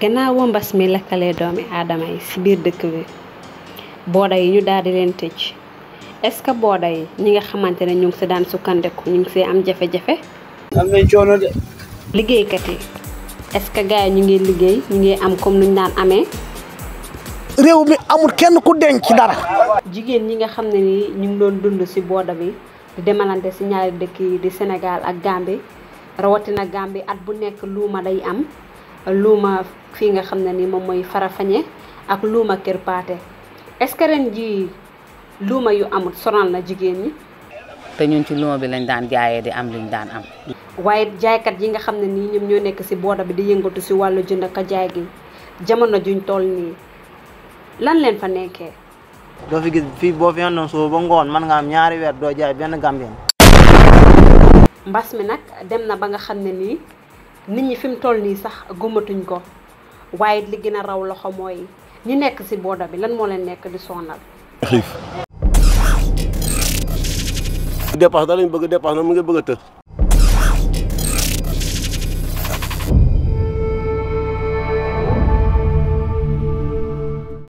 gannaaw mbas mi lakkalee doomi aadama yi ci biir dëkk bi booda yi ñu daal di leen tëj est ce que booda yi ñi nga xamante ne ñu ngi si daan sukkandeku ñu ngi si am jafe-jafe. am nañ coono liggéeykat yi est ce que gars yi ñu ngi liggéey ñu ngi am comme nuñ daan amee. réew mi amul kenn ku denc dara. jigéen ñi nga xam ne ni ñu ngi doon dund ci booda bi di demalante ci ñaari dëkk yi di senegal ak Gambie rawatina Gambie at bu nekk luuma day am. luuma fii nga xam ne nii moom mooy Farafeñe ak luuma Kër Paate est ji luuma yu amul sonal na jigéen ñi. te ñun ci luuma bi lañ daan jaayee di am liñ daan am. waaye jaaykat yi nga xam ne nii ñoom ñoo nekk si booda bi di yëngatu si wàllu jënd ak jaay gi jamono juñ toll nii lan leen fa nekkee. doo fi gis fii boo fi àndoon suba ba ngoon mën nga am ñaari weer doo jaay benn gambien. mbas mi nag dem na ba nga xam ne nii. nit ñi fi mu toll nii sax gëmatuñ ko waaye li gën a raw loxo mooy ñu nekk ci booda bi lan moo leen nekk di sonal. xiif. dépasse da lañ bëgg dépasse na mu ngi bëgg a të.